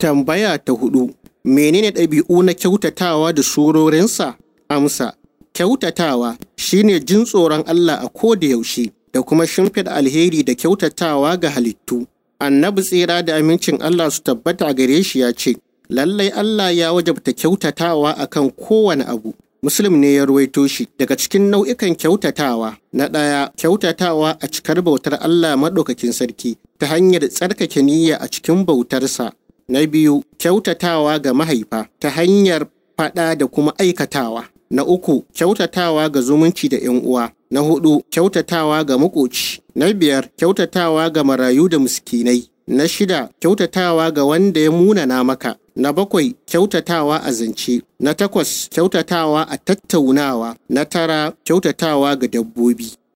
Tambaya ta hudu, menene ɗabi'u na kyautatawa da surorinsa? Amsa, kyautatawa shi ne jin tsoron Allah a ko da yaushe da kuma shimfida alheri da kyautatawa ga halittu. Annabi tsira da amincin Allah su tabbata gare shi ya ce, lallai Allah ya wajabta kyautatawa a kan kowane abu. Muslim ne ya ruwaito shi daga cikin nau'ikan kyautatawa na ɗaya kyautatawa a cikar bautar Allah maɗaukakin sarki ta hanyar tsarkake niyya a cikin bautarsa Na biyu, kyautatawa ga mahaifa ta hanyar faɗa da kuma aikatawa. Na uku, kyautatawa ga zumunci da ‘yan uwa. Na hudu, kyautatawa ga makoci. Na biyar, kyautatawa ga marayu da muskinai. Na shida, kyautatawa ga wanda ya munana maka. Na bakwai, kyautatawa a zance. Na takwas, kyautatawa a tattaunawa. Na tara, kyautatawa ga dabbobi.